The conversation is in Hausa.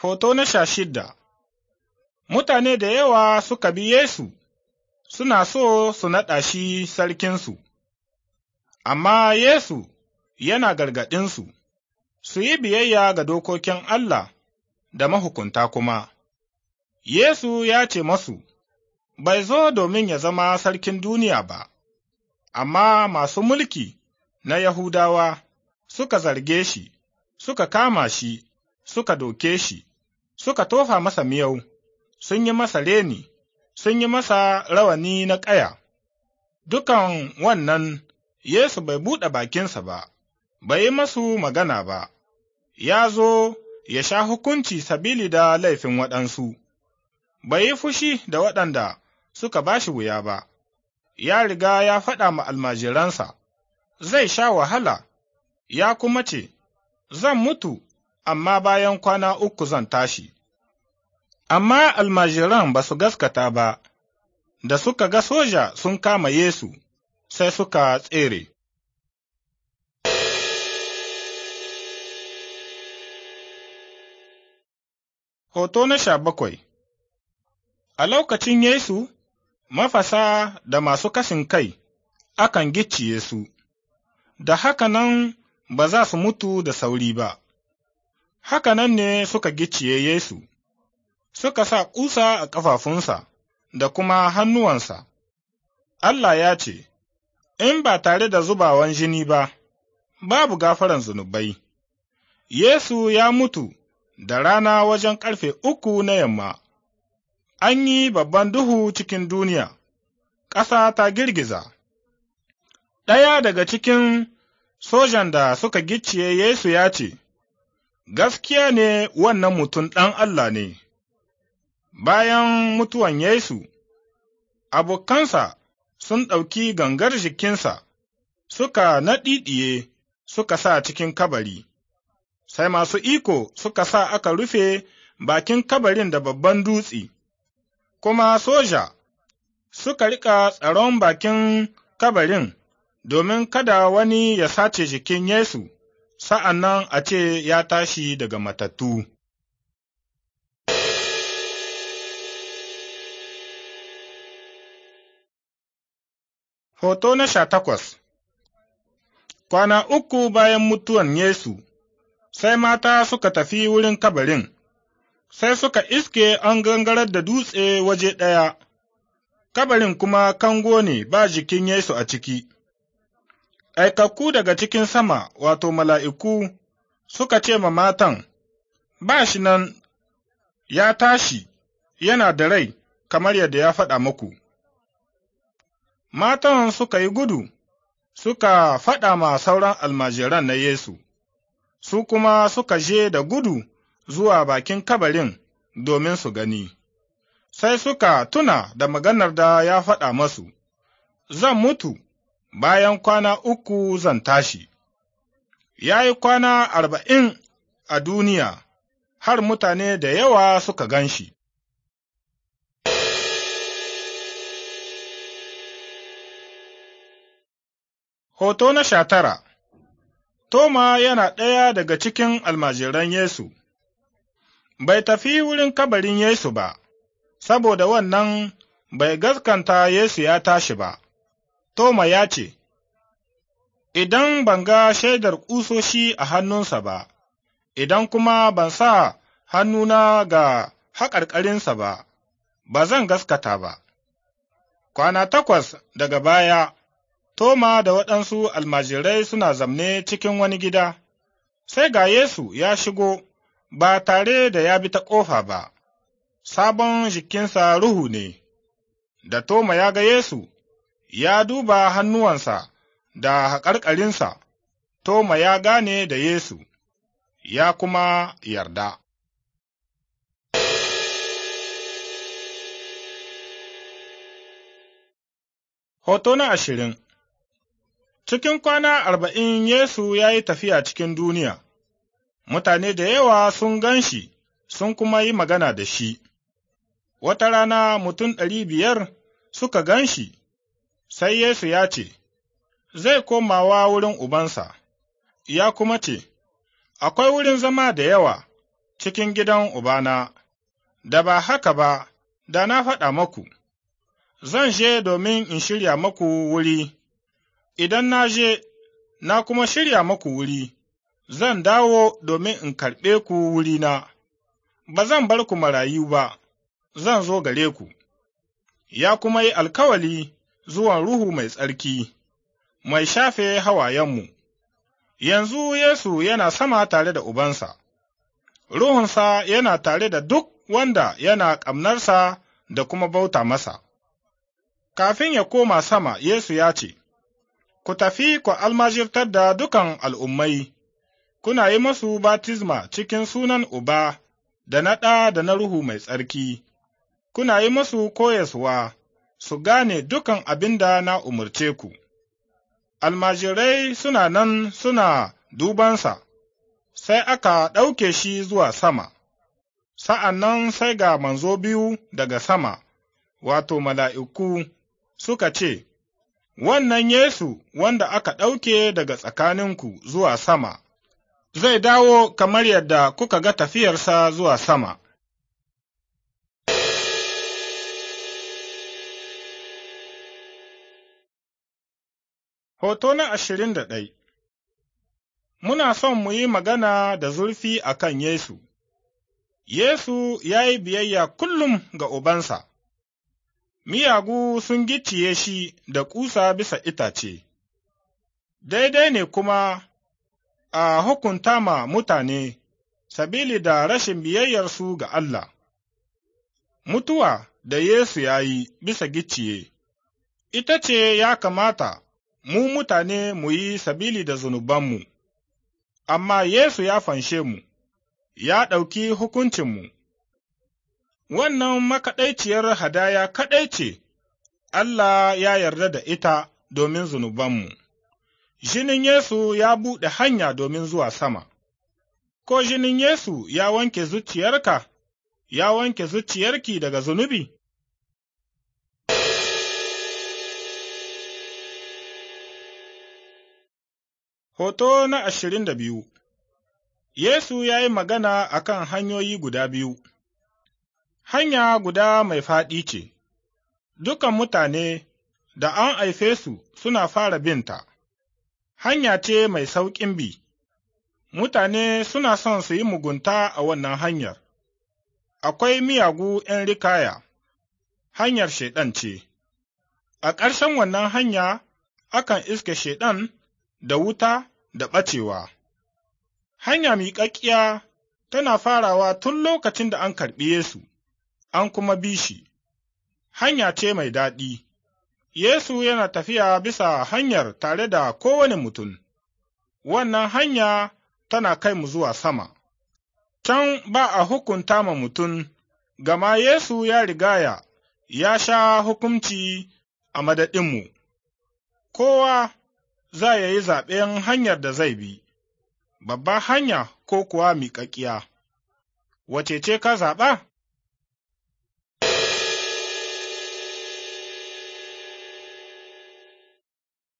Hoto na sha shidda Mutane da yawa suka bi Yesu, suna so su naɗa shi sarkinsu, amma Yesu yana gargaɗinsu, su yi biyayya ga dokokin Allah da mahukunta kuma. Yesu ya ce masu, Bai zo domin ya zama sarkin duniya ba, amma masu mulki na Yahudawa suka zarge shi, suka kama shi, suka doke shi. suka tofa masa miyau, sun yi masa reni, sun yi masa rawani na ƙaya. Dukan wannan Yesu bai buɗe bakinsa ba, bai yi masu magana ba, ya zo ya sha hukunci sabili da laifin waɗansu, bai yi fushi da waɗanda suka ba shi wuya ba, ya riga ya faɗa ma almajiransa, zai sha wahala, ya kuma ce, Zan mutu amma bayan kwana uku zan tashi. Amma almajiran ba su gaskata ba, da suka ga soja sun kama Yesu, sai suka tsere. Hoto na sha bakwai A lokacin Yesu, mafasa da masu kashin kai akan gicciye su, da haka nan ba za su mutu da sauri ba. Haka nan ne suka gicciye Yesu, suka sa ƙusa a ƙafafunsa da kuma hannuwansa. Allah ya ce, In ba tare da zubawan jini ba, babu gafaran zunubai. Yesu ya mutu da rana wajen ƙarfe uku na yamma, an yi babban duhu cikin duniya, ƙasa ta girgiza. Ɗaya daga cikin sojan da suka gicciye Yesu ya ce, gaskiya ne wannan mutum ɗan Allah ne, bayan mutuwan Yesu, abokansa sun ɗauki gangar jikinsa, suka naɗiɗiye suka sa cikin kabari, sai masu iko suka sa aka rufe bakin kabarin da babban dutse, kuma soja suka riƙa tsaron bakin kabarin domin kada wani ya sace jikin Yesu. sa'an nan a ce ya tashi daga matattu. Hoto na sha takwas Kwana uku bayan mutuwan Yesu, sai mata suka tafi wurin kabarin, sai suka iske an gangarar da dutse waje ɗaya, kabarin kuma kango ne ba jikin Yesu a ciki. aikakku daga cikin sama, wato mala'iku, suka ce ma matan, Ba shi nan ya tashi, yana da rai, kamar yadda ya faɗa muku. Matan suka yi gudu, suka faɗa ma sauran almajiran na Yesu, su kuma suka je da gudu zuwa bakin kabarin domin su gani. Sai suka tuna da maganar da ya faɗa masu, Zan mutu bayan kwana uku zan tashi. Ya yi kwana arba'in a duniya, har mutane da yawa suka gan shi. Hoto na sha tara Toma yana ɗaya daga cikin almajiran Yesu, bai tafi wurin kabarin Yesu ba, saboda wannan bai gaskanta Yesu ya tashi ba. Toma ya ce, Idan ban ga shaidar ƙusoshi a hannunsa ba, idan kuma ban sa hannuna ga haƙarƙarinsa ba, ba zan gaskata ba. Kwana takwas daga baya, Toma da waɗansu almajirai suna zamne cikin wani gida, sai ga Yesu ya shigo ba tare da ya bi ta ƙofa ba, sabon jikinsa ruhu ne, da Toma ya ga Yesu ya duba hannuwansa da haƙarƙarinsa, Toma ya gane da Yesu, ya kuma yarda. Hoto na ashirin Cikin kwana arba'in Yesu ya yi tafiya cikin duniya, mutane da yawa sun gan shi, sun kuma yi magana da shi. Wata rana mutum ɗari biyar suka gan shi sai Yesu ya ce, Zai komawa wurin Ubansa, ya kuma ce, Akwai wurin zama da yawa cikin gidan Ubana, da ba haka ba, da na faɗa maku, zan je domin in shirya maku wuri, idan na je, na kuma shirya maku wuri, zan dawo domin in karɓe ku wurina, ba zan bar ku marayu ba, zan zo gare ku. Ya kuma yi alkawali zuwa Ruhu mai tsarki, mai shafe hawayenmu. Yanzu Yesu yana sama tare da Ubansa, Ruhunsa yana tare da duk wanda yana ƙamnarsa da kuma bauta masa. Kafin ya koma sama, Yesu ya ce, Ku tafi ku almajirtar da dukan al'ummai, kuna yi masu batizma cikin sunan Uba, da na ɗa da na Ruhu mai tsarki, kuna yi masu koyaswa. su gane dukan abin da na umarce ku. Almajirai suna nan suna dubansa, sai aka ɗauke shi zuwa sama, sa'an nan sai ga manzo biyu daga sama, wato mala'iku suka ce, Wannan Yesu wanda aka ɗauke daga tsakaninku zuwa sama, zai dawo kamar yadda kuka ga tafiyarsa zuwa sama. Hoto na ashirin da ɗai Muna son mu yi magana da zurfi a kan Yesu. Yesu ya yi biyayya kullum ga Ubansa, miyagu sun gicciye shi da ƙusa bisa itace, daidai ne kuma a hukunta ma mutane sabili da rashin biyayyarsu ga Allah. Mutuwa da Yesu ya yi bisa gicciye, ita ce ya kamata mu mutane mu yi sabili da zunubanmu, amma Yesu ya fanshe mu, ya ɗauki hukuncinmu. Wannan makaɗaiciyar hadaya kaɗai ce, Allah ya yarda da ita domin zunubanmu. Jinin Yesu ya buɗe hanya domin zuwa sama, ko jinin Yesu ya wanke zuciyarka, ya wanke zuciyarki daga zunubi? Hoto na ashirin da biyu Yesu ya yi magana a kan hanyoyi guda biyu Hanya guda mai faɗi ce, dukan mutane da an haife su suna fara binta, hanya ce mai sauƙin bi, mutane suna son su yi mugunta a wannan hanyar, akwai miyagu ’yan rikaya, hanyar Shaiɗan ce, a ƙarshen wannan hanya akan iske Shaiɗan da wuta da ɓacewa. Hanya miƙaƙƙiya tana farawa tun lokacin da an karɓi Yesu, an kuma bi shi, hanya ce mai daɗi. Yesu yana tafiya bisa hanyar tare da kowane mutum, wannan hanya tana kai mu zuwa sama. Can ba a hukunta ma mutum, gama Yesu ya rigaya ya sha hukunci a madadinmu. Kowa za ya yi zaɓen hanyar da zai bi, babban hanya ko kuwa miƙaƙiya. Wace ce ka zaɓa?